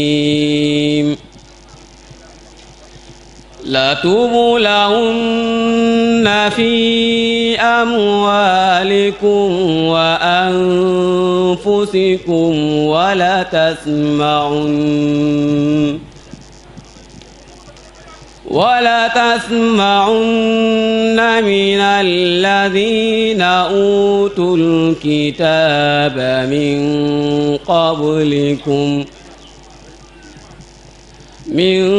الرجيم لا توبوا لهن في أموالكم وأنفسكم ولا تسمعن ولا تسمعن من الذين أوتوا الكتاب من قبلكم ۖ من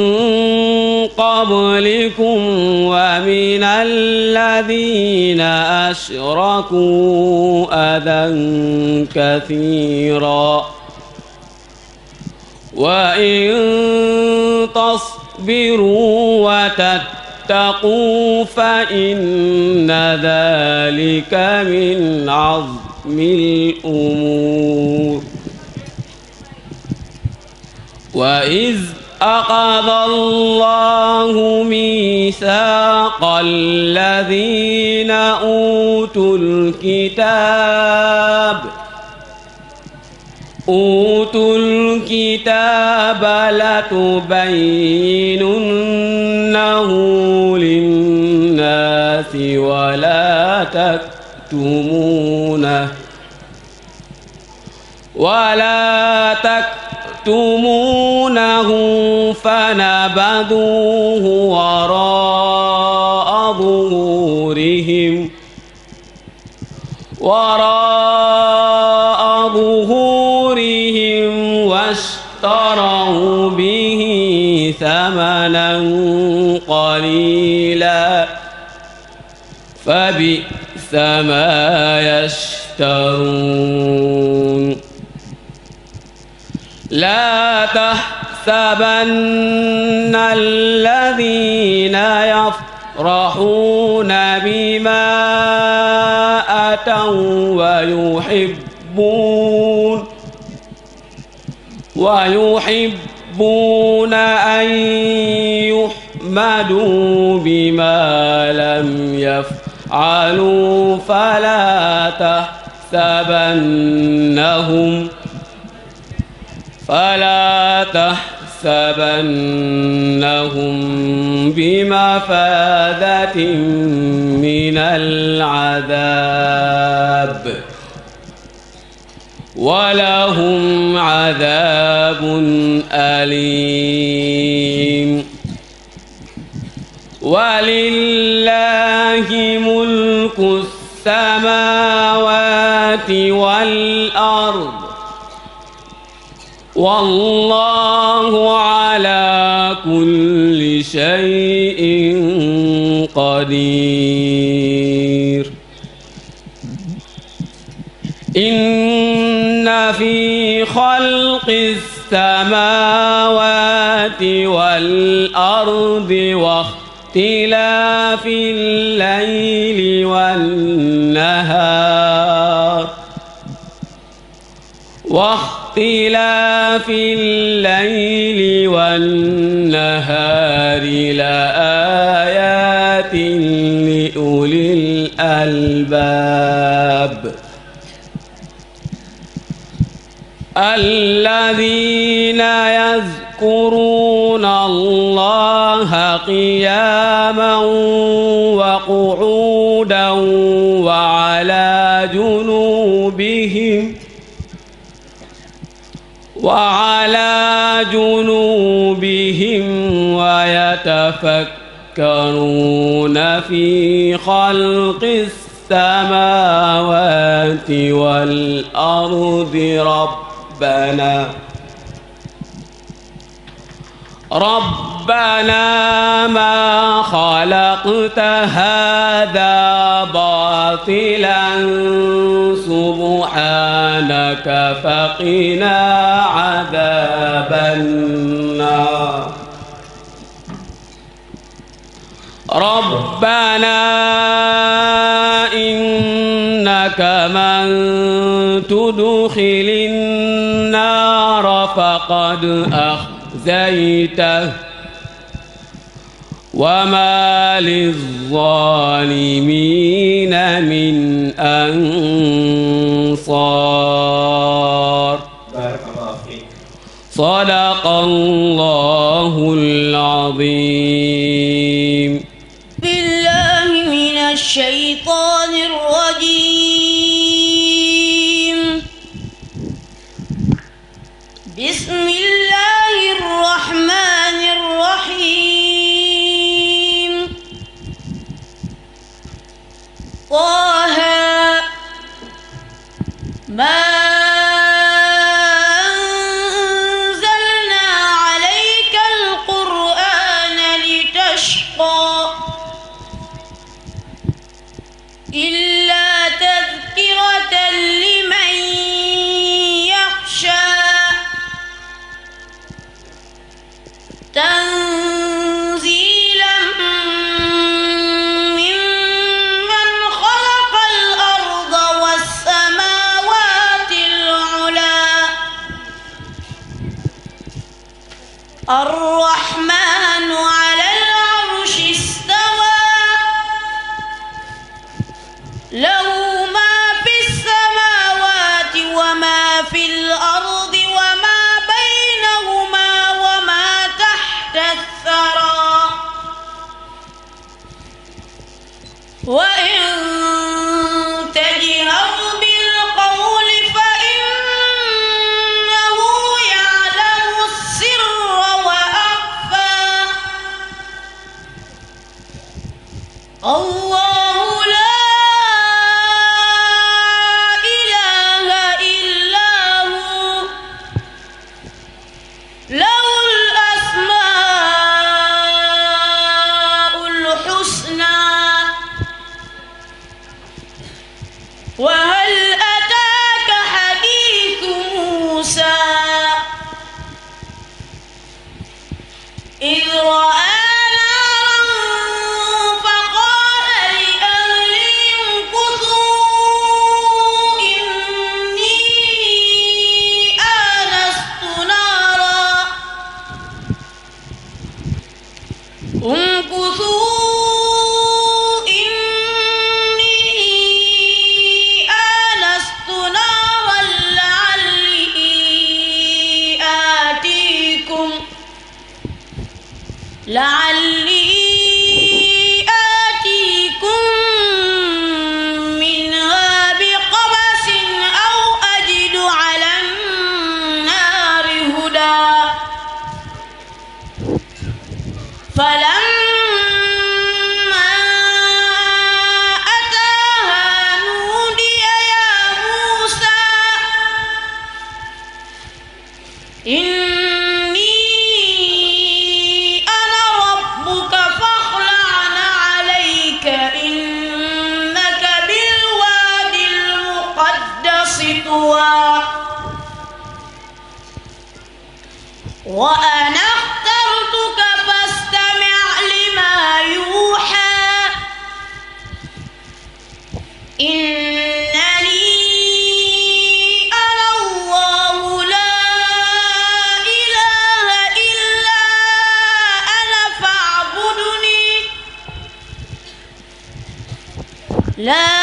قبلكم ومن الذين أشركوا أذى كثيرا وإن تصبروا وتتقوا فإن ذلك من عظم الأمور وإذ أخذ الله ميثاق الذين أوتوا الكتاب أوتوا الكتاب لتبيننه للناس ولا تكتمونه ولا تكتمونه تكتمونه فنبذوه وراء ظهورهم وراء ظهورهم واشتروا به ثمنا قليلا فبئس ما يشترون لا تحسبن الذين يفرحون بما أتوا ويحبون ويحبون أن يحمدوا بما لم يفعلوا فلا تحسبنهم فلا تحسبنهم بمفاذة من العذاب ولهم عذاب أليم ولله ملك السماوات والأرض wallaahu alaa kulli shay'in qadiir inna fi xalqi samaawaati wal ardi واختلاف الليل والنهار واختلاف الليل والنهار لآيات لأولي الألباب الذين يذكرون الله قياما وقعودا وعلى جنوبهم ويتفكرون في خلق السماوات والأرض ربنا ربنا ما خلقت هذا باطلا سبحانك رحمتك فقنا عذاب النار ربنا إنك من تدخل النار فقد أخزيته وما للظالمين من أنصار الأنصار بارك الله فيك صدق الله العظيم بالله من الشيطان من la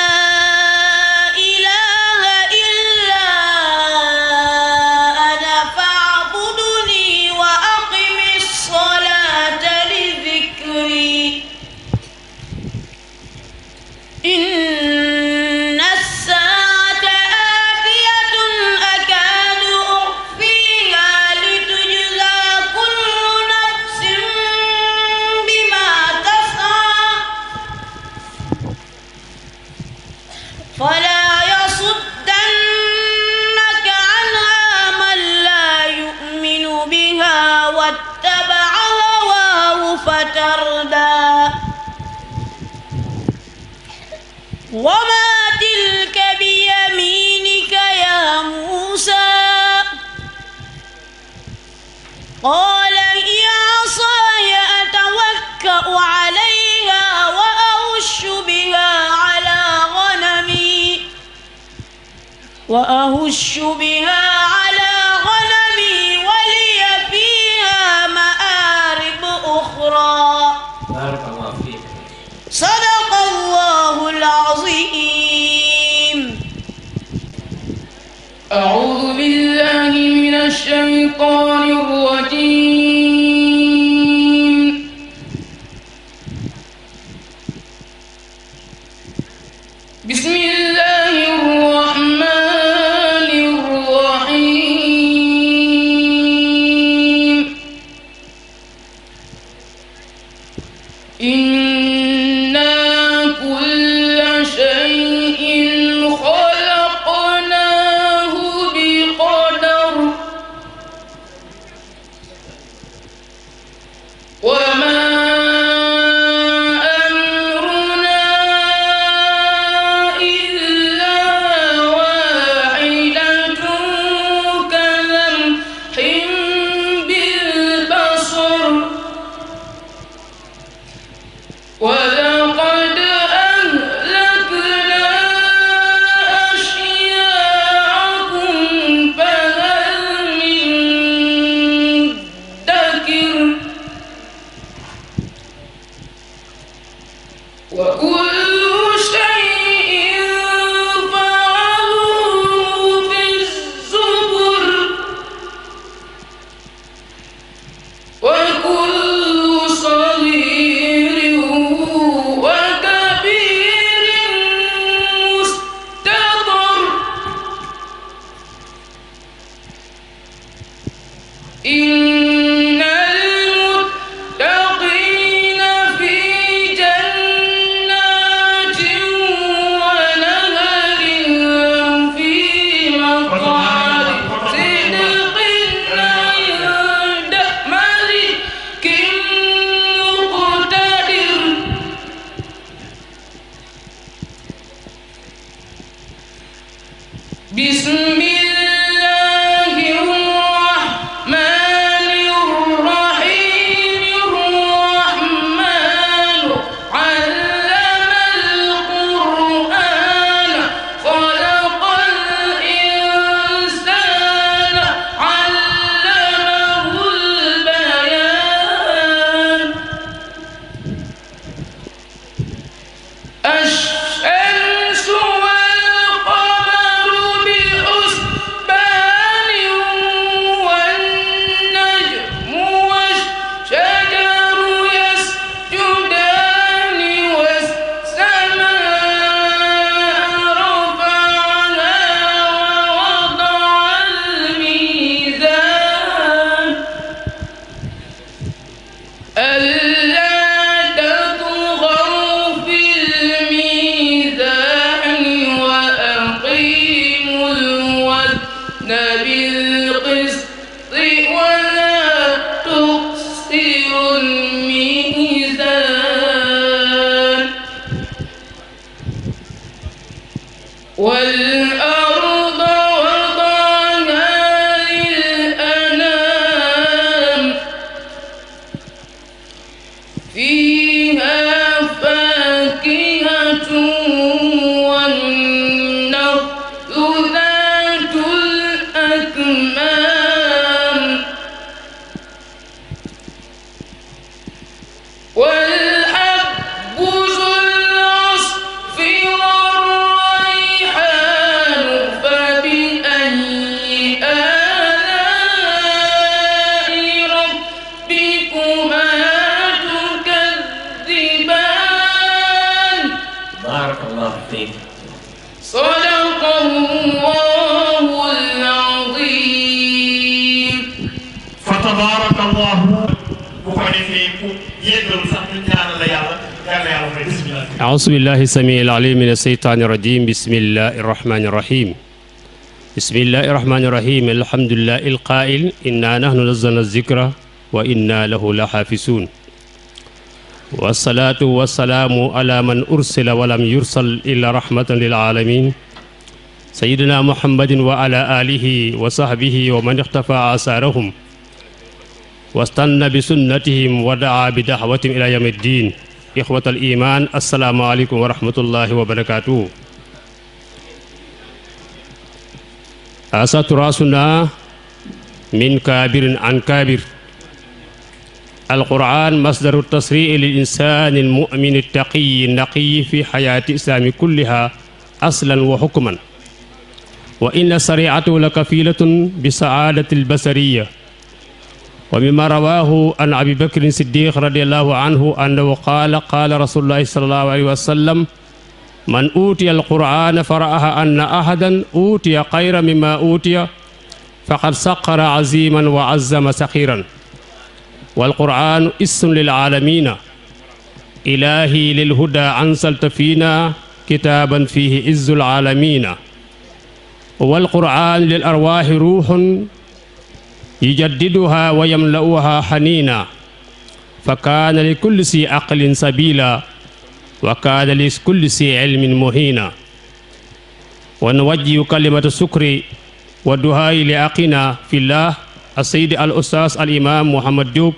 أعوذ بالله السميع العليم من الشيطان الرجيم بسم الله الرحمن الرحيم بسم الله الرحمن الرحيم الحمد لله القائل إنا نحن نزلنا الذكر وإنا له لحافظون والصلاة والسلام على من أرسل ولم يرسل إلا رحمة للعالمين سيدنا محمد وعلى آله وصحبه ومن اختفى آثارهم واستنى بسنتهم ودعا بدعوتهم إلى يوم الدين ixwatal imaan asalaamaaleykum wa rahmatullahi wa barakaatu. asa turaasuna min kaabirin an kaabir. alqur'aan masdaru tasrii lil insaani almu'mini taqiyi naqiyi fi xayaati islaami kulliha aslan wa xukman. wa inna sariicatahu la kafiilatun bi sacaadati albasariya wa mimma rawahu an abi bakrin siddiq radiallahu anhu annahu qaala qaala rasulullahi salallahu alayhi wa sallam man uutiya alqur'ana fa ra'aha anna ahadan uutiya xayra mimma uutiya faqad saqara aziman wa azama saxiran walqur'anu issun lilalamina ilahi lilhuda ansalta fiina kitaaban fihi izzu lalamina walqur'anu lil arwaahi ruuxun yujaddiduha wa yamla'uha xaniina fa kaana li kulli si aqlin sabila wa kaana li kulli si ilmin muhiina wa nuwajjihu kalimata sukri wa duhaayi li aqina fillah asayidi al ustaas al imaam Mouhamad Diop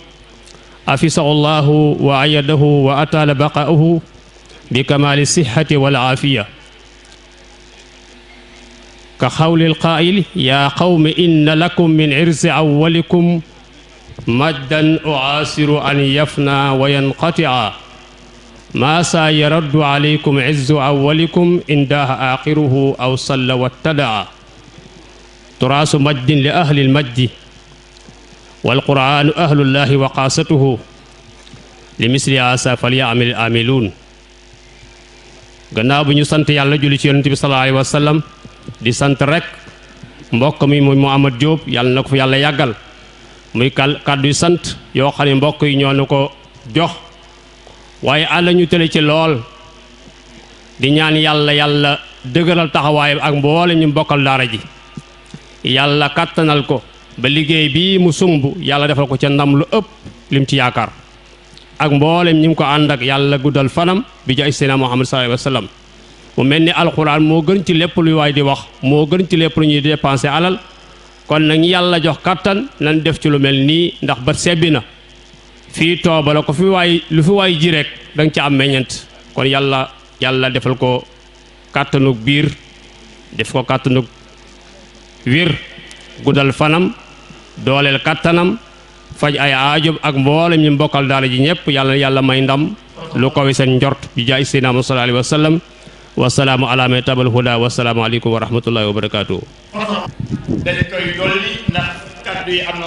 afisahu llahu wa ayadahu wa ataala baqaahu bi kamaali sixati wal aafiya ka xawlil qaayil yaa qawmi inna lakum min irsi awwalikum majdan uaasiru an yafna wa yanqatia maa saa yaraddu aleykum izzu awwalikum indaha aaxiruhu aw salla wattadaa turaasu majdin li ahlil majdi walquraanu ahlullaahi wa qaasatuhu li misli asa falyamil amiluun gannaaw bi ñu sant yàlla julli ci yonent bi sallallahu alayhi wa sallam di sant rek mbokk mi mu Mouhamad Diop yàlla na ko fi yàlla yàggal muy kàddu yu sant yoo xam ne mbokk yi ñoo nu ko jox waaye àll ñu tële ci lool di ñaan yàlla yàlla dëgëral taxawaayam ak mboole ñu mbokkal daara ji yàlla kàttanal ko ba liggéey bii mu sumb yàlla defal ko ca ndam lu ëpp lim ci yaakaar ak mboolem ñi mu ko ànd ak yàlla guddal fanam bi jaay seydina Muhammad sallallahu alayhi wa sallam mu mel ni alxuraan moo gën ci lépp luy waay di wax moo gën ci lépp lu ñuy dépensé alal kon nag yàlla jox kattan nan def ci lu mel nii ndax ba sebbi na fii tooba ko fi waay lu fi waay ji rek da nga am meññeent kon yàlla yàlla defal ko kàttanug biir def ko kàttanug wir guddal fanam dooleel kàttanam faj ay aajob ak mboolem ñu mbokkal daara ji ñëpp yàlla yàlla may ndam lu ko seen njort bi jaay seydina Muhammad sallallahu wasalaamu ala man tabal huda wasalaamu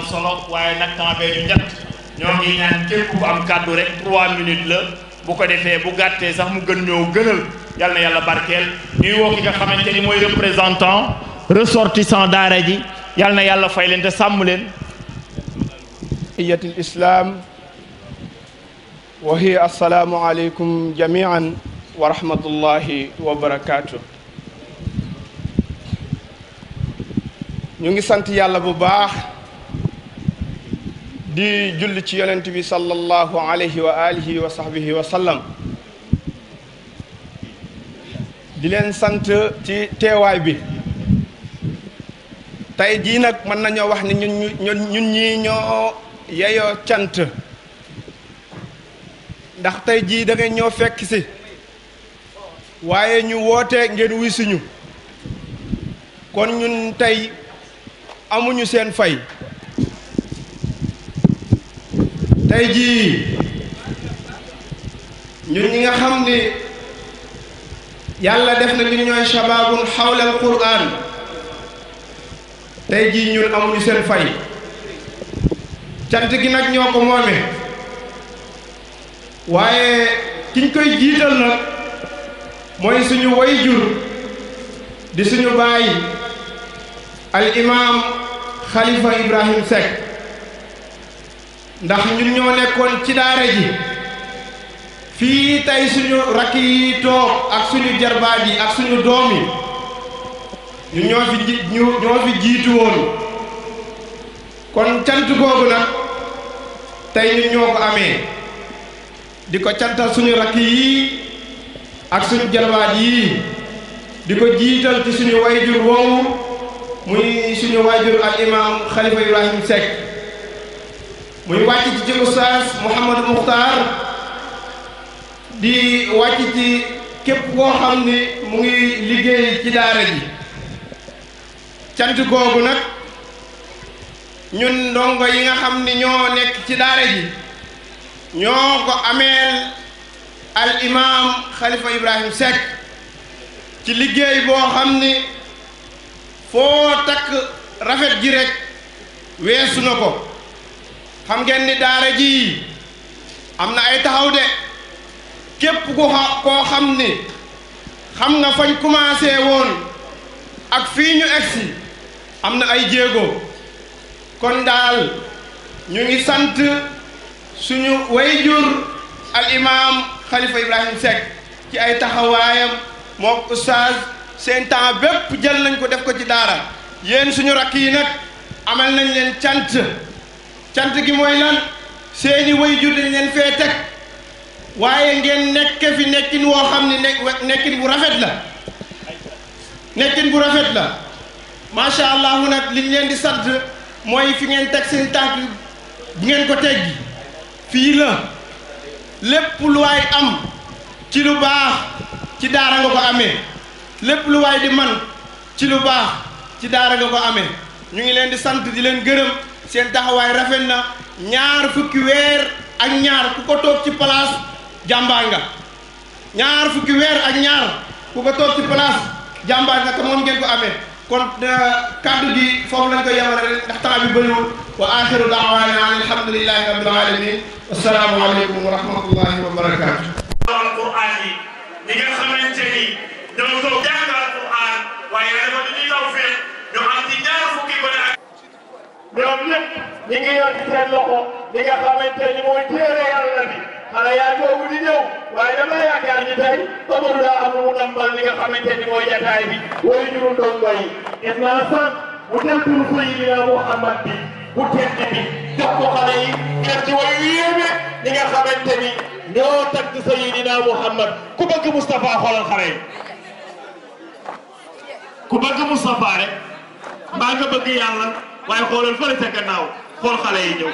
solo waaye nag temps bee ñoo ngi ñaan képp ku am kaddu rek 3 minutes la bu ko defee bu gàttee sax mu gën ñoo gënal yal na yàlla barkeel ñuy woo nga xamante ni mooy représentant ressortissant daara ji yal na yàlla fay leen te sàmm leen. iyatul islam wa hiya aleykum jamian wa rahmatullahi wa barakaatu. ñu ngi sant yàlla bu baax di julli ci yonent bi sallallahu alayhi wa alihi wa sahbihi wa sallam di leen sant ci teewaay bi tey jii nag mën nañoo wax ni ñun ñun ñun ñii ñoo yeyoo cant ndax tey jii da ñoo fekk si waaye ñu woote ngeen wisuñu kon ñun tey amuñu seen fay tey jii ñun ñi nga xam ni yàlla def na li ñooy shabaabun xawla al quraan tey jii ñun amuñu seen fay cant gi nag ñoo ko moome waaye kiñ koy jiital nag mooy suñu wayjur di suñu baay al imaam Khalifa Ibrahim Seck ndax ñun ñoo nekkoon ci daara ji fii tey suñu rakk ak suñu jarbaat yi ak suñu doom yi ñun ñoo fi ji kon cant googu nag tey ñun ñoo ko amee di ko cantal suñu rakk ak suñu jalwaat yii di ko jiital ci suñu wayjur woowu muy suñu wayjur al imam xalifa ibrahim Seck muy wàcc ci ci oustaz Mouhamadou di wàcc ci képp koo xam ni mu ngi liggéey ci daara ji cant googu nag ñun ndongo yi nga xam ni ñoo nekk ci daara ji ñoo ko ameel al imaam Khalifa Ibrahim Seck ci liggéey boo xam ni foo takk rafet ji rek weesu na ko xam ngeen ni daara ji am na ay taxaw de képp ku koo xam ni xam nga fañ commencé woon ak fii ñu egsi am na ay jéego kon daal ñu ngi sant suñu wayjur al imaam xalifa Ibrahima Seck ci ay taxawaayam mook oustaz seen temps bépp jël nañ ko def ko ci daara yéen suñu rakk yi nag amal nañ leen cant cant gi mooy lan seeni waajur dañ leen fee teg waaye ngeen nekk fi nekkin woo xam ne nekkin bu rafet la nekkin bu rafet la macha allah nag ñu leen di sant mooy fi ngeen teg seen tànk bu ngeen ko teggi fii la lépp lu am ci lu baax ci daara nga ko amee lépp lu waay di man ci lu ci daara nga ko ame ñu ngi leen di sant di leen gërëm seen taxawaay rafet na ñaar fukki weer ak ñaar ku ko toog ci place jàmbaar nga ñaar fukki weer ak ñaar ku ko toog ci place jàmbaar nga te moom ngeen ko amee kon euh, kàddu gi foofu lañ koy yemale rek ndax temps bi bëriwul wa axiru daawaana an alhamdulilahi alamin assalaamu aleykum wa rahmatullahi wa barakatu alquran yi ñi ni dañu ko jàng alquran waaye dafa di ñuy taw fee ñu am ci ñaar fukki bëri xanaa yaa toogu di ñëw waaye dama yaakaar ni tey Amadou daa am lu mu nambal li nga xamante ni mooy jataay bi wala ñu doon dongo yi gis naa sant bu teddul Sayyidina Muhammad bi bu tedd bi jox ko xale yi ngir ci way yéeme li nga xamante ni ñoo tagg Sayyidina Muhammad ku bëgg Moustapha xoolal xale yi ku bëgg Moustapha rek mbaa nga bëgg yàlla waaye xoolal fële ca gannaaw xool xale yi ñëw.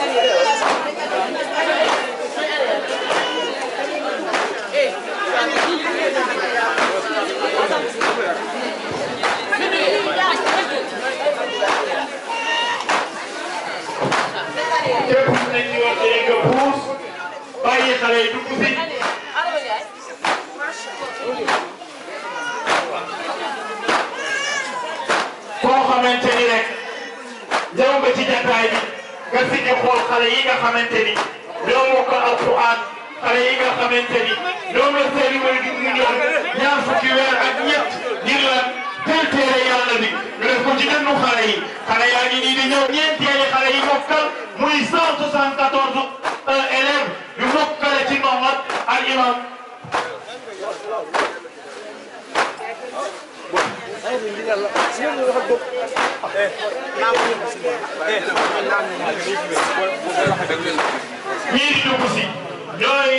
xale yi dugg si. koo xamante ni rek ñëw nga ci jataay bi nga si ñu xool xale yi nga xamante ni ñoo mokk alquran xale yi nga xamante ni ñoom la seeni way di mu ñëw ñaar fukki weer ak ñett ngir lan tey téere yàlla bi ñu def ko yi xale yaa ngi nii di ñëw ñeenteeli xale yi mokkal euh, yu mokkale ci Mawlad al imam. ñii di dugg si ñooy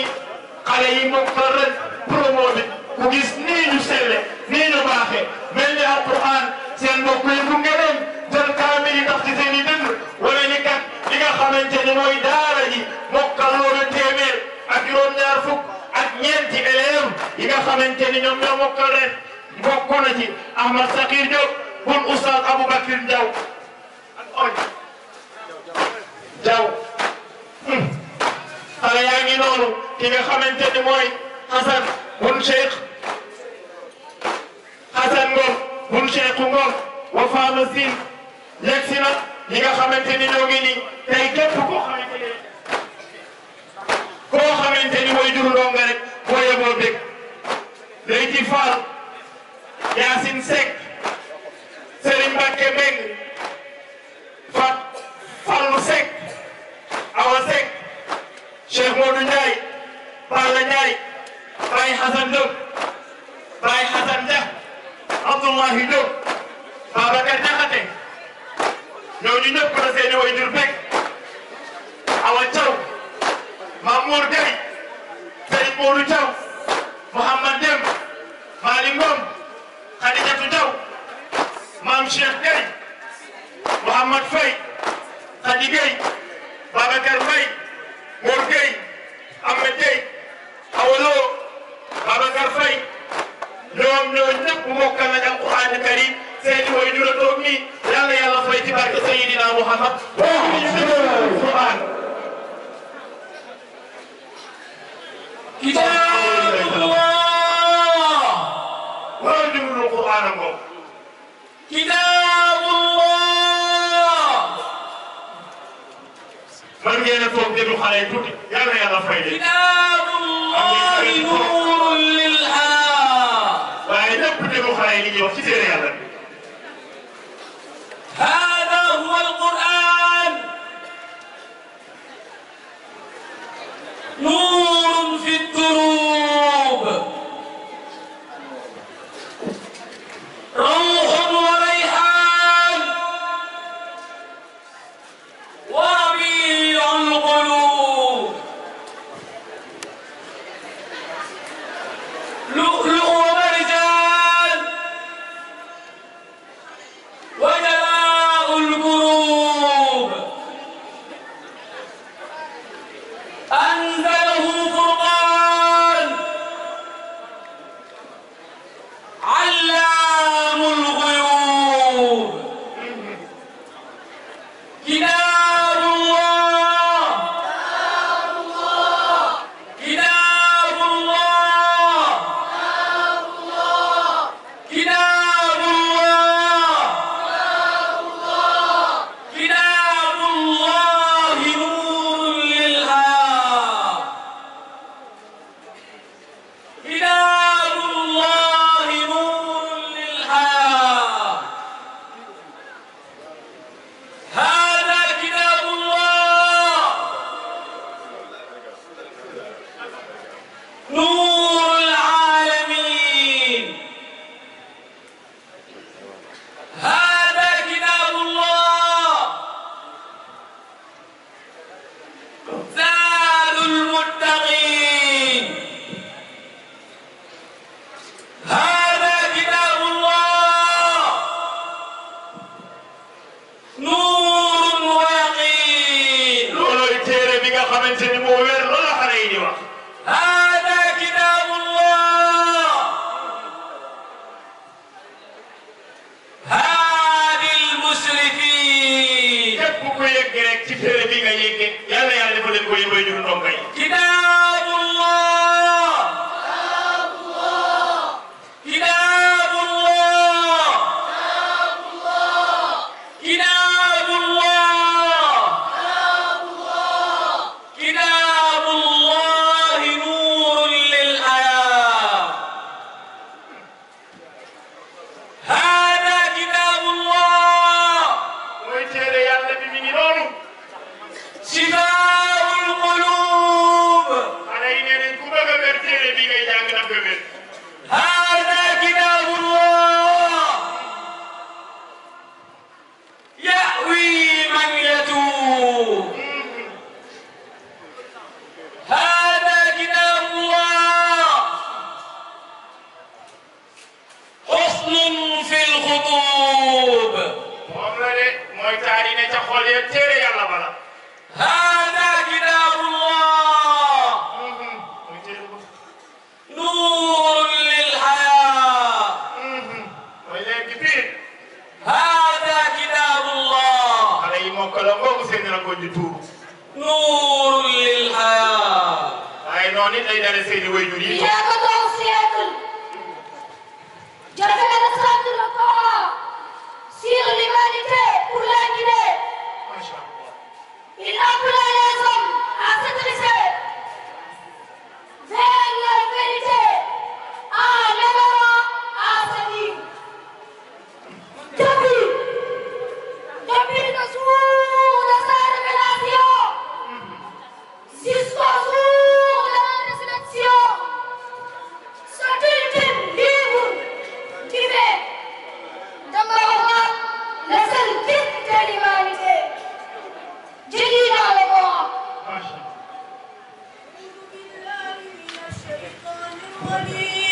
xale yi mokkal ren promo bi ku gis nii ñu selle nii ñu baaxee. mel ni alquran seen mbokk yi fu kaamil yi tax ci seen i ni kat li nga xamante ni mooy daara ji mokkal loolu téeméer ak juróom fukk ak ñeenti élève yi nga xamante ñoom ñoo mokkal ren bokk na ci Ahmad Sakir Diop bun Oustaz Aboubacry Diaw yaa ngi noonu ki nga xamante mooy Hasan bun Cheikh Assane Ngor bun Cheikhou Ngor Wafa Sine na ñi nga xamante ni ñoo ngi nii tey képp koo xamante ni koo xamante ni mooy juru dong rek boo yeboo bég Leyti Fall Yacine Seck Serigne Mbacke Mbeng Fat Fallou Seck Awa Seck Cheikh Modou Ndiaye Balla Ndiaye Baye Hassan Abdoulahi Diop Babacar Diakhaté ñooñu ñëpp la seeni way jur fekk Awa Thiaw Mamour Gueye Serigne Modou Thiaw Mouhamad Dem Mali Ngom Khadijatou Diaw Mame Cheikh Gueye Mouhamad Faye Khady Gueye Babacar Mbaye Mor Gueye Ahmed Gueye Awolo Babacar Faye ñoom ñoo ñëpp mokkal nañ alquran karim seen i way jura toog nii yàlla yàlla fay ci barke Seydina Muhammad alquran kitaabullah wala jumlul quran moom kitaabullah man ngeen a toog déglu xale yi tuuti yàlla yàlla fay leen ولي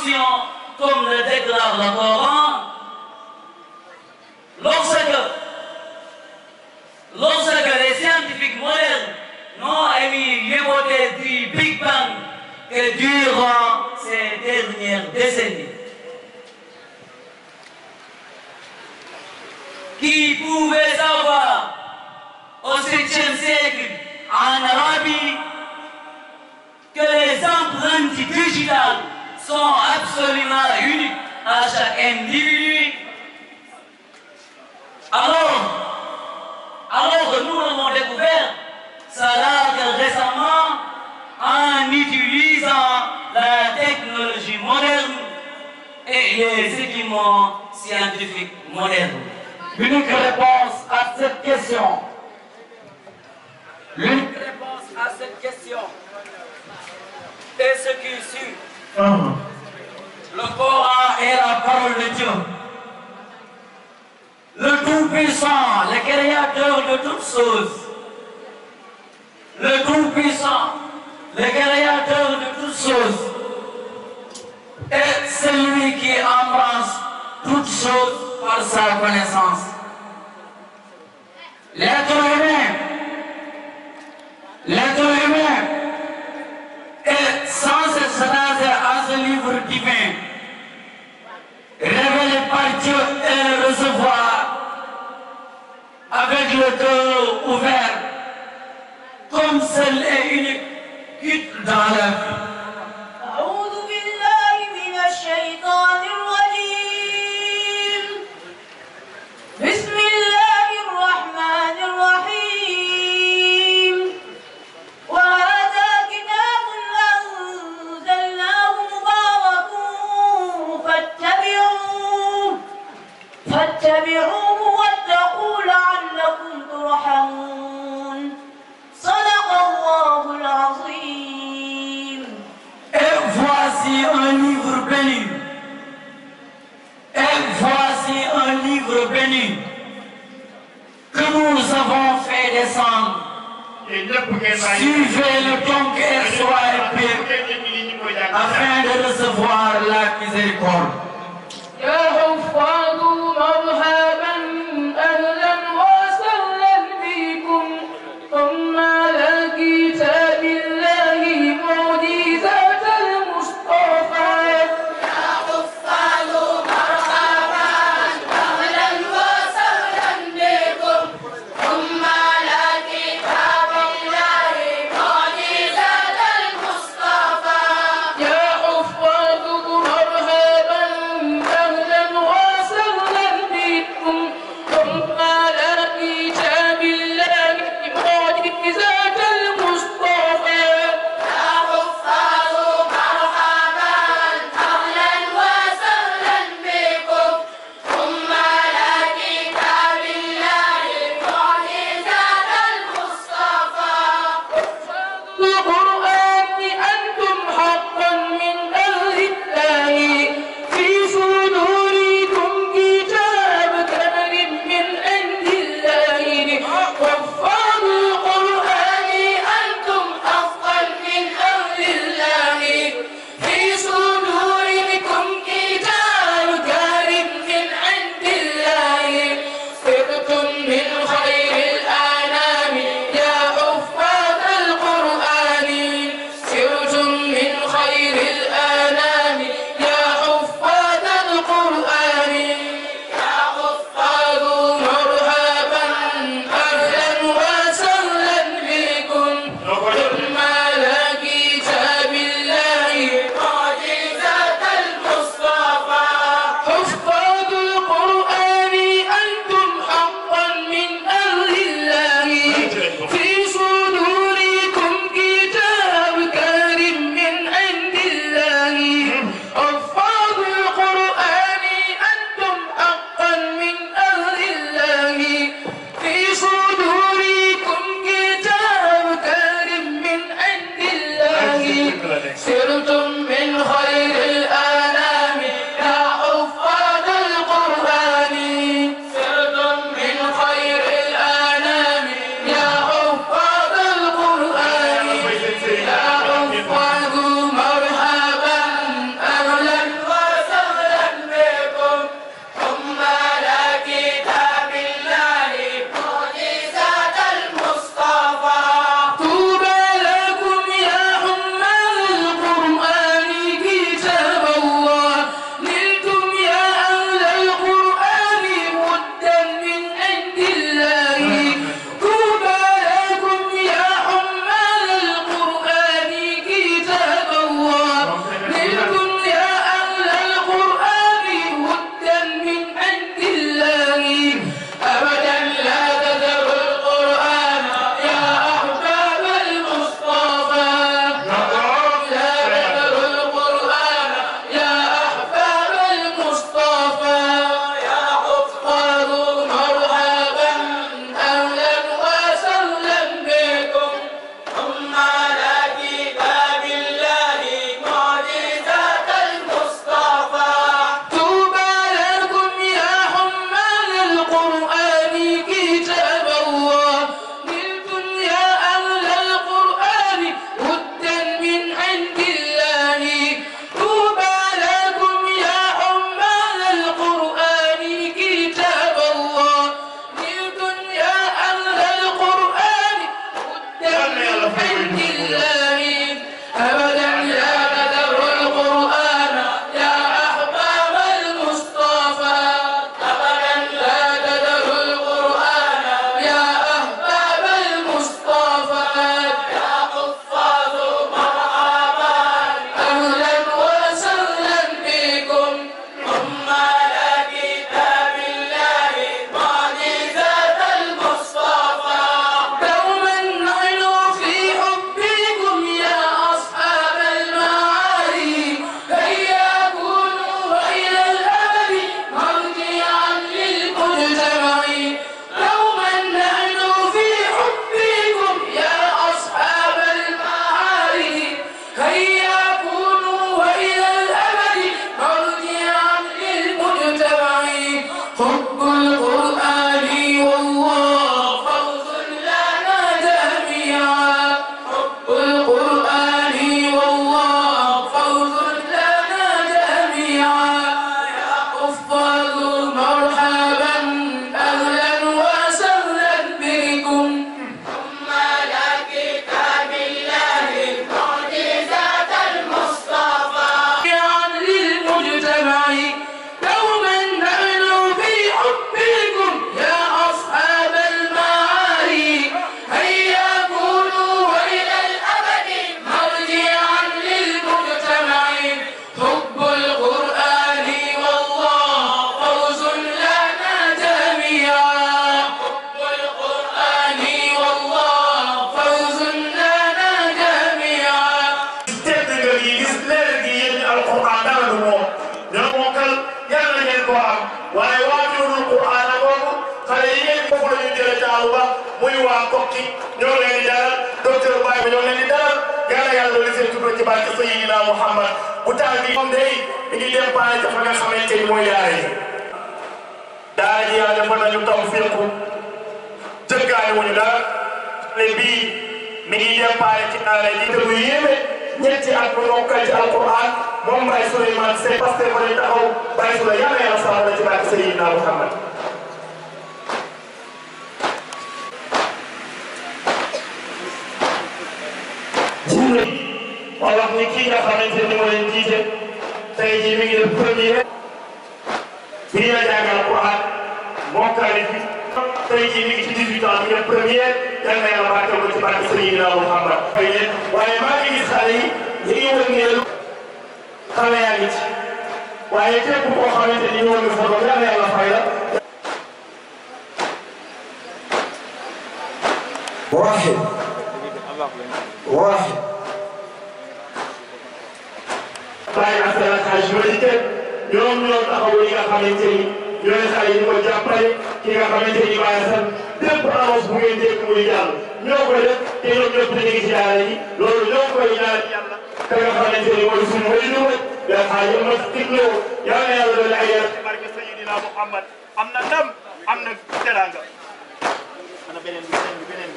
attention, comme les scientifiques modernes n'ont émis l'hypothèse du Big Bang que durant ces dernières décennies, qui pouvait savoir au 7 en Arabie que les empreintes digitales sont absolument uniques à chaque individu. Alors, alors que nous découvert, ça là récemment, en utilisant la technologie moderne et les équipements scientifiques modernes. L'unique réponse à cette question, l'unique réponse à cette question est ce qui suit. Le Coran est la parole de Dieu. Le Tout-Puissant, le Créateur de toutes choses. Le Tout-Puissant, le Créateur de toutes choses. est celui qui embrasse toutes choses par sa connaissance. L'être humain, l'être humain est sans divin, révélé par Dieu et recevoir avec le cœur ouvert, comme seul et unique Suivez le donc et soyez pieux afin de recevoir la miséricorde. bu tax bi moom day mi ngi démpaale ca fa nga mooy daara yi daara ji yàlla defal nañu taw féeku jëggaane wuñu dara le bii mi ngi démpaale ci daara ji te bu yéeme ñetti at bu mokkal moom Baye Souleymane Sène parce que ma ne taxaw Baye Souleymane yàlla yàlla sàmm la ci barke Seydina Muhammad moo wax ni kii nga xamante ni moo leen jiite tey jii mi ngi def premier bii la jàngal Quran mokkali bi tey jii mi ngi ci 18 ans mi ngi def premier yàlla na yàlla barkeel ko ci barke Seydina Muhammad waaye maa ngi gis xale yi ñu ngi wëngeelu xale yaa ngi ci waaye képp koo xamante ni ñëwoon nga foto yàlla yàlla fay la واحد واحد Baye Assane ak Hadj Malick ñoom ñoo taxaw li nga xamante ni ñooy xale yi ko jàppale ki nga xamante ni Baye Assane lépp annonce bu ngeen dégg muy jàll ñoo koy def te ñoom ñëpp dañu ngi ci daara ji loolu ñoo koy ñaan yàlla te nga xamante ni mooy suñu wëy lu rek yaa xaaj ma tigloo yaa ngi yàlla doon ay yar barke Seydina Muhammad am na ndam am na teranga ana beneen bi beneen bi beneen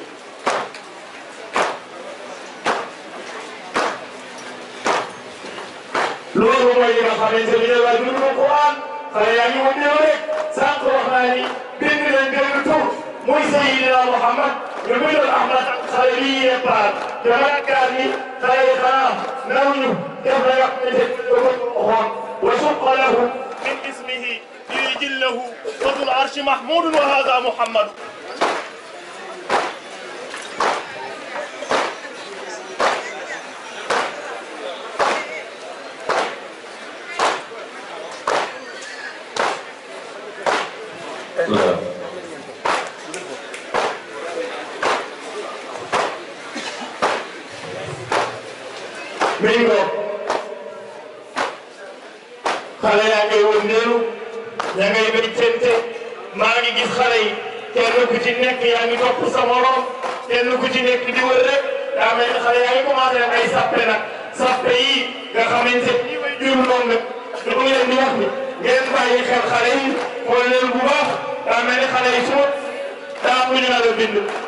loolu mooy li nga xamante ne Quran xale yaa ngi woon yow rek sànq wax naa ni bind leen benn tur muy Seydina Muhammad ñu bindal Ahmad xale bi yee baal te yaakaar ni xale yi xanaa naw ñu def la nga xamante min ismihi li yujillahu fadl arshi mahmudun wa hada Muhammad bingo xale yaa yaa ngay béccante maa ngi gis xale yi kenn ku ci nekk yaa ngi topp sa ku ci nekk di wër rek daa mel xale yaa ngi commencé nag ay sappe nag sappe yi nga xamante ni may jur moom nag lu mu leen wax ni ngeen bàyyi xel xale yi xool leen bu baax daa xale yi su daa am lu ñu nar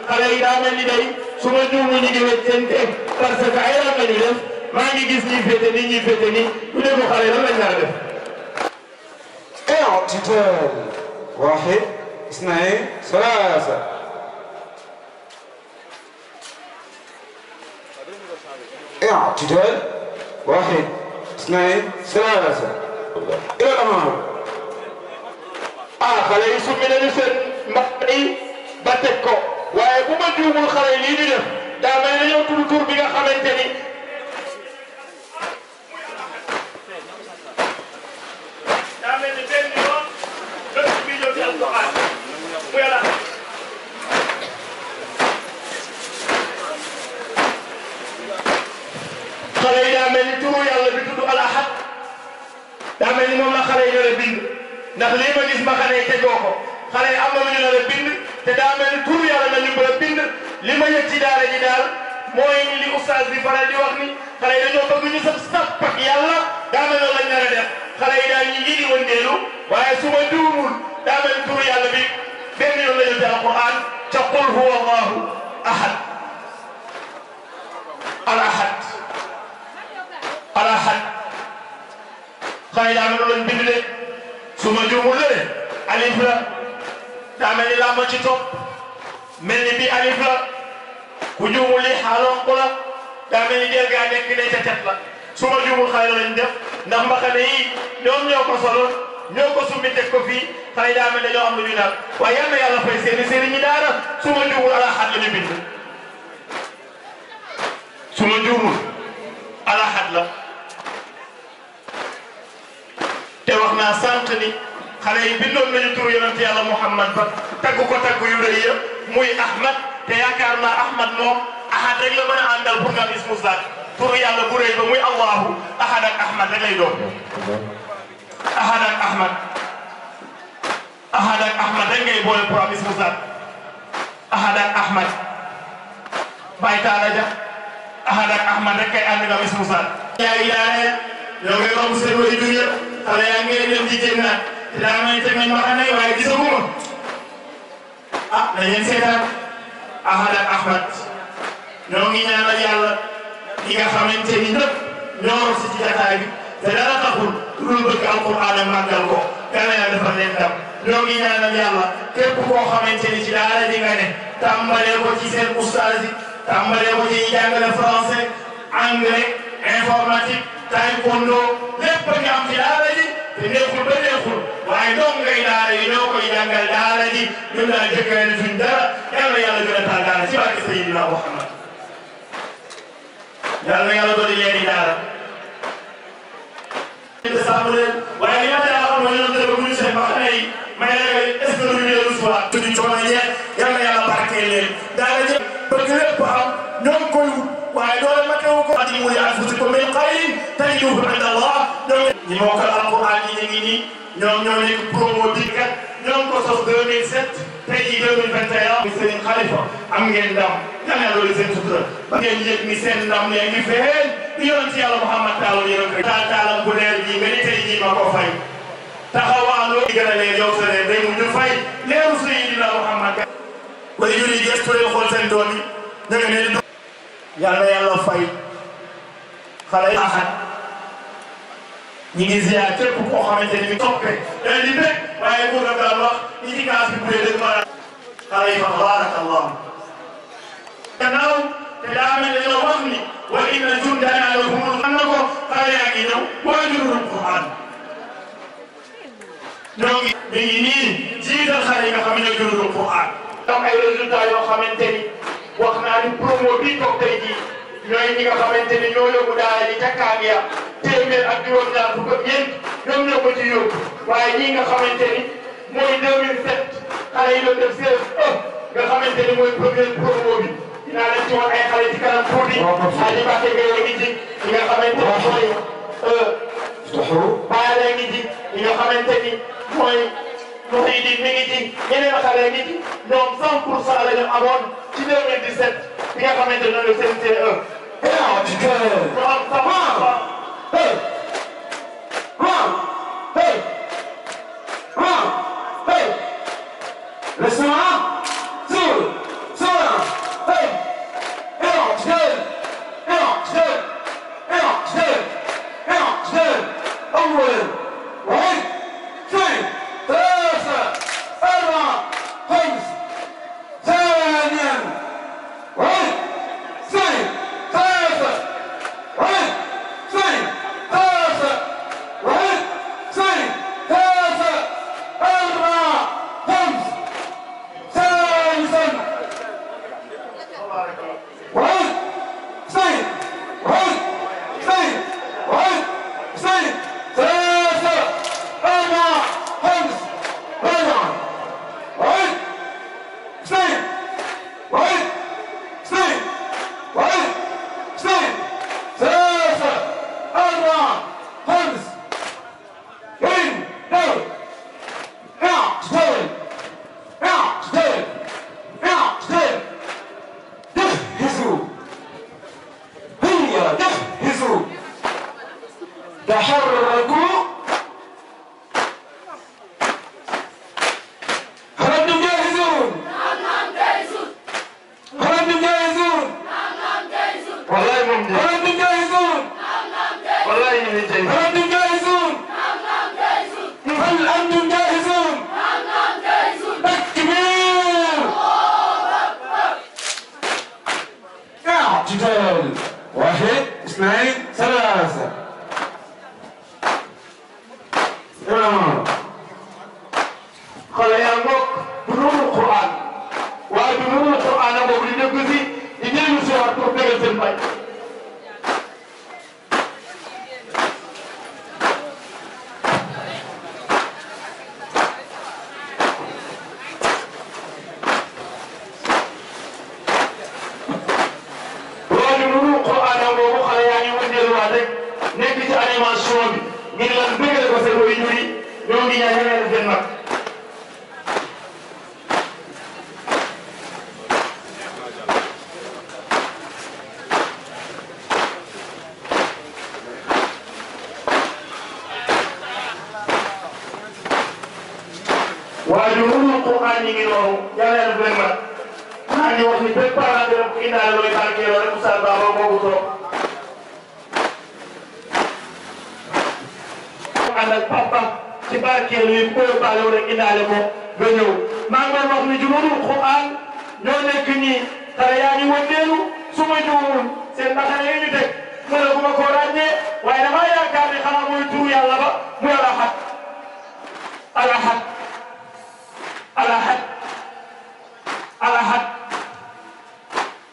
xale yi daa mel ni day su ma juum ñu ngi weccante parce que ay rab la maa ngi gis ñuy féete nii ñuy féete nii ku déglu xale lan lañ nar a def. اعتدال واحد اثنين ثلاثة اعتدال واحد اثنين ثلاثة إلى الأمام آخر يسمى لنسل مقني باتكو waaye bu ma juumul xale yi lii di def daa mel ne ñëw tur tur bi nga xamante ni 不要了。xale yi daa ni turu yàlla bi tudd al ahad ni moom la xale yi nar a a bind ni turu yàlla na ñu a bind li ma yëg ci daal mooy li oustaz bi faral di wax ni xale yi dañoo bëgg ñu saf saf yàlla daa mel lañ nar a def yi daal ñu ngi di waaye su ma duumul daa mel yàlla bi. benn yoon la ñu def alquran ca qul huwa allahu ahad al ahad al ahad xëy daa mel loolu bind su ma juumul la de alif la daa ni laa ma ci topp ni bi alif la ku juumul li xaalonq la daa ni del gaa nekk ne ca tet su ma juumul xëy lañ def ndax mbaxane yi ñoom ñoo ko solo ñoo ko summi teg ko fii xale daa mel dañoo am lu ñu naan waaye yal na yàlla fay seeni seeni ñi wax naa sant ni xale yi bindoon nañu tur yonent yàlla Muhammad ko tagg yu rëy muy Ahmad te yaakaar naa Ahmad moom ahad rek la mën a àndal pour nga am ismu zaat muy Allahu ahad ak Ahmad rek lay doon ahad ak ahad ak ahmad rek ngay boole pour am ismu zaat ahad ak ahmad bàyyi taala ja ahad ak ahmad rek kay ànd nga am ismu zaat yaa ngi daaneel yow ngay romb seen wëri dunya xale yaa ngi dem ma xanaa waaye gisaguma ah dañ leen seetaan ahad ak ahmad ñoo ngi ñaanal yàlla ki nga xamante ni ñëpp ñoo si ci jataay bi te dara taxul lu bëgg alquran màggal ko yàlla yàlla defal leen ñoo ngi ñaanal yàlla képp koo xamante ni ci daara nga ne tàmbalee ko ci seen oustaz ko ci ñi jàngale français anglais informatique taekwondo lépp nga am ci daara ji te neexul ba neexul waaye dong ngay daara yi ñoo koy jàngal daara ji ñun daal jëkkee ne suñ dara yàlla yàlla gën a taal daara ci barke Seydina Muhammad yàlla yàlla doon leeri daara te sàmm leen waaye li ma teel a amoon yoon dëgg bu ñu seen baax ay may ragal est ce que lu a reçoit tudd coono yeeg yal na yàlla barkeel leen daala ñëpp bëgg lépp waaye doole matewu ko ati mu yaa fusi ko min xayrin tajiduhu inda Allah ñi mokkal alquran ñi ñu ngi nii ñoom ñoo nekk promo bi kat doon ko sos 2007 tey jii 2021. muy Serigne Khalifa am ngeen ndam yal na loolu seen sutura ba ngeen yëg ni seen ndam yaa ngi feeñ yoon ci yàlla Mouhamad a taal taalam a leer mu ñu fay leeru Seydina Mouhamad. wala yu fay xale yi. ñu ngi ziar képp koo xamante ni mu toppee day di béy. waaye mu nga daan wax efficace bi bu dee dëgg maanaam. xale yi fa tabaarakallah. gannaaw te daa mel ne yow wax ni wa inna jundanaa lahumul am na ko xale yaa ngi ñëw waajurum Qur'an. ñoo ngi mi ngi nii jiital xale yi nga xam ne ñoo jurum Qur'an. donc ay résultats yoo xamante ni wax naa ni promo bii toog tey jii. ñooy ñi nga xamante ni ñoo yóbbu daara yi ca Kambia téeméer ak juróom-ñaar fukk ak ñeent ñoom ñoo ko ci yóbbu waaye ñii nga xamante ni mooy 2007 xale yi doon def CFEE nga xamante ni mooy premier promo bi dinaa leen ci woon ay xale ci kanam tuuti. waaw waaw xale yi Mbacke Gueye la ngi ji ñi nga xamante ni mooy. Baye la ngi ji ñi nga xamante ni mooy. Moussa yi di mi ngi ji ñeneen xale yi ngi ji ñoom 100 pour cent la ñu amoon ci 2017 bi nga xamante ne noonu la seen CFEE Daniel.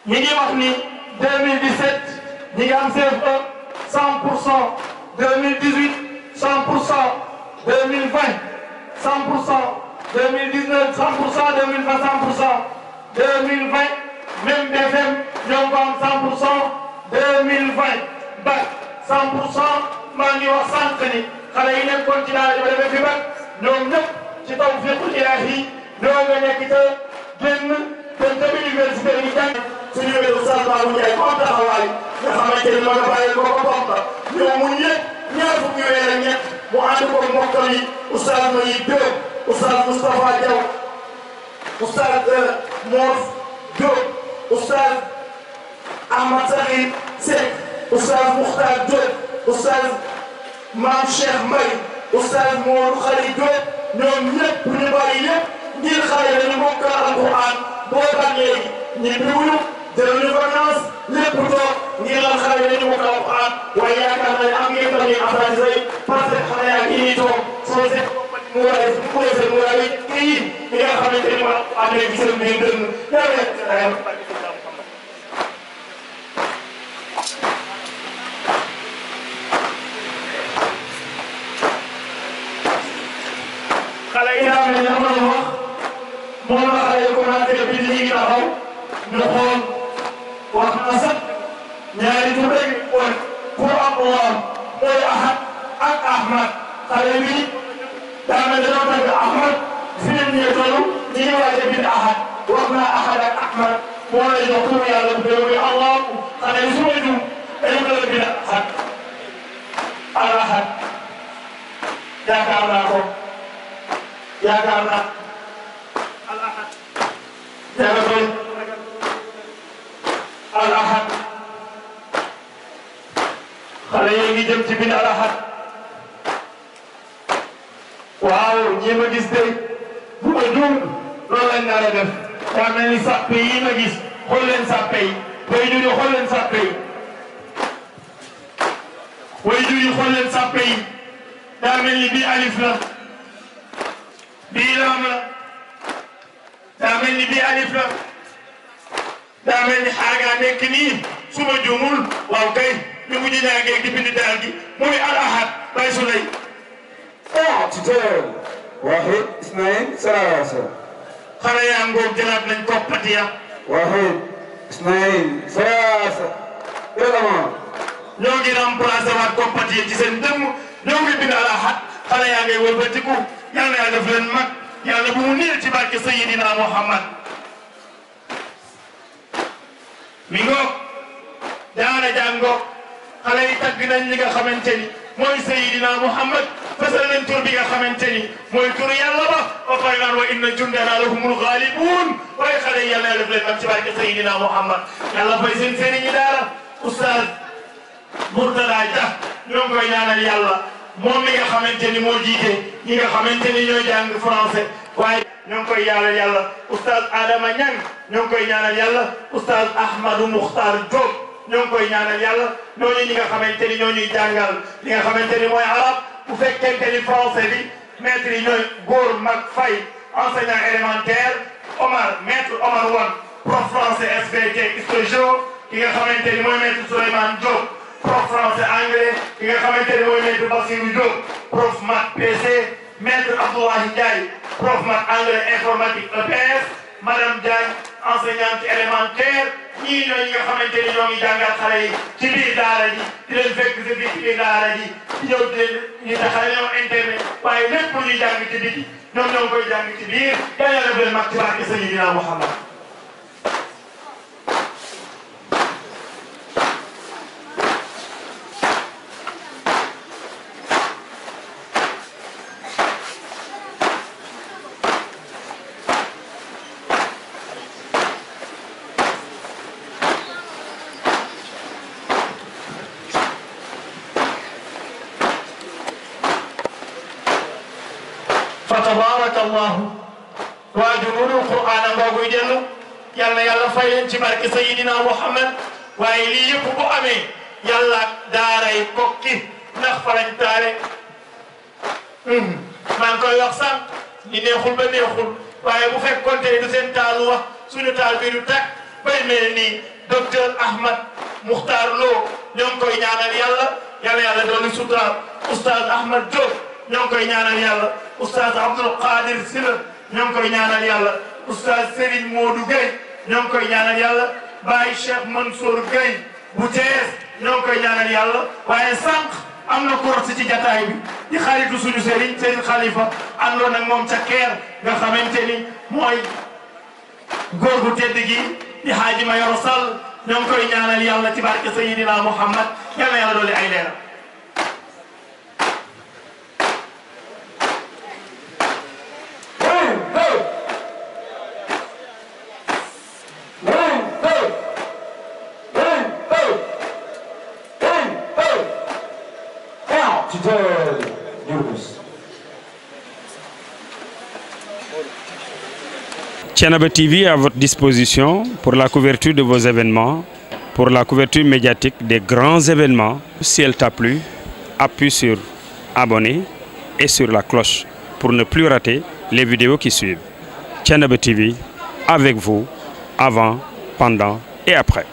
ñi ngi wax ni 2017 ñi ngi am CFE 100 pour cent 2018 100 pour cent 2020 100 pour cent 2019 100 pour cent 2020 100 pour cent 2020 même BFM ñoo ko am pour cent 2020 bac 100 pour cent maa ngi wax sànq ni xale yi nekkoon ci daara ba demee fi bac ñoom ñëpp ci tawfiqul ilaahi ñoo nga nekk te génn te tamit université bi jàng su ñëwee Oustaz Babou Ndiaye comme taxawaay nga xamante ni ma nga bàyyi ko ko mu ñett ñaar fukki weer ak ñett mu ànd ko mbokkal yi Oustaz ma yi Diop Oustaz Moustapha Diaw Oustaz euh, Mor Diop Oustaz Ahmad Sakhir Seck Oustaz Moukhtar Diop Oustaz Mame Cheikh Mbaye Oustaz Mor Khali Diop ñoom ñëpp ñu bàyyi ñëpp ngir xale yi ñu mokkal alquran boo ba léegi ñu biwuñu jëloon ñu vacances lépp toog ngir lan xale yi dañu ko Alxuraan waaye yaakaar naa ne am ngeen tamit avantage parce que xale yaa ngi nii toog soo seet mu war a mu war a seet mu war a wécc këyit mi nga xamante ni ma am nañ ci seen biir dënn yow yaa ngi ci xale yi daa mel ni dama la wax moom la xale yi commencé bi lii taxaw ñu xool wax na sax ñaari tur beeg mooy pour am ahad ak ahmad xale bi daanaka dañoo tagg ahmad fi ne nii toll ñu ngi a ahad wax naa ahad ak ahmad moo lay jox tur yàlla bu dee muy allahu xale yi su ma jum dañu ko la bind ahad al ahad yaakaar naa ko yaakaar naa al ahad al ahad xale yi ngi jëm ci bin ma gis tey bu ma juum loolu lañ nar a yi ma gis xool leen sàppe yi way jur yi xool leen yi way jur yi xool leen sàppe yi daa mel ni bii alif daa mel ni xaar ngaa nekk nii su ma juumul waaw kay ñu mujj ñaagee di bind daal gi muy al ahad bay su lay aa واحد اثنين ثلاثة خلايا نقول جلاب من كوباتيا واحد اثنين ثلاثة يلا ما نوغي رامبلاسا وات كوباتيا تي سن دم نوغي بن على حد خلايا نغي ولبتيكو يلا يا دفلن مك يلا بو نيل تي بارك سيدنا محمد mi ngoog daara jàngoog xale yi tagg nañ li nga xamante ni mooy Seydina Muhammad fasal nañ tur bi nga xamante ni mooy tur yàlla ba ba pare naan wa inna jundana lahumul ghalibun waaye xale yi yàlla def leen am ci barke Seydina Muhammad yàlla fay seen sëriñi daara oustaz Mourtada Dia ñoo ngi koy ñaanal yàlla moom mi nga xamante ni moo jiite ñi nga xamante ni ñooy jàng ñoo ngi koy ñaanal yàlla oustaz Adama Niang ñoo ngi koy ñaanal yàlla oustaz Ahmadou Moukhtar Diop ñoo ngi koy ñaanal yàlla ñooñu ñi nga xamante ni ñoo ñuy jàngal li nga xamante ni mooy arab bu fekkente ni français bi maître yi ñooy góor mag fay enseignant élémentaire Omar maître Omar Wan prof français SVT histoire géo ki nga xamante ni mooy maître Souleymane Diop prof français anglais ki nga xamante ni mooy maître Bassirou Diop prof math PC maître Abdoulaye Ndiaye prof math anglais informatique EPS madame Diagne enseignante élémentaire ñii ñooñu nga xamante ni ñoo ngi jàngal xale yi ci biir daara ji di leen fekk si biir ci biir daara ji di ñëw di leen ñu tax a ñëw internet waaye lépp lu ñuy jàng ci biti ñoom ñoo ngi koy jàng ci biir yàlla def leen mag ci barke Sayyidina Muhammad leen ci barke Seydina Muhammad waaye lii yëpp bu amee yàlla daaray kokki ndax farañ taale hmm, maa ngi koy wax sànq ni neexul ba neexul waaye bu fekkoon tey du seen taalu wax suñu taal bi du tàkk bay mel ni docteur Muxtaar Lo ñoo ngi koy ñaanal yàlla yàlla yàlla doon na suturaal oustaz Ahmad Diop ñoo ngi koy ñaanal yàlla oustaz Abdul Qadir ñoo ngi ñaan ñaanal yàlla Baye Cheikh Mansour Gueye bu Thiès ñoo ngi koy ñaanal yàlla waaye sànq am na kóor si ci jataay bi di xaritu suñu Serigne Serigne Khalifa àndoon ak moom ca keer nga xamante ni mooy góor gu tedd gi di Hadji Mayoro Sall ñoo ngi koy ñaanal yàlla ci barke Seydina Mouhamad yàlla yàlla doole ay Thiénaba TV est à votre disposition pour la couverture de vos événements, pour la couverture médiatique des grands événements. Si elle t'a plu, appuie sur abonner et sur la cloche pour ne plus rater les vidéos qui suivent. Thiénaba TV, avec vous, avant, pendant et après.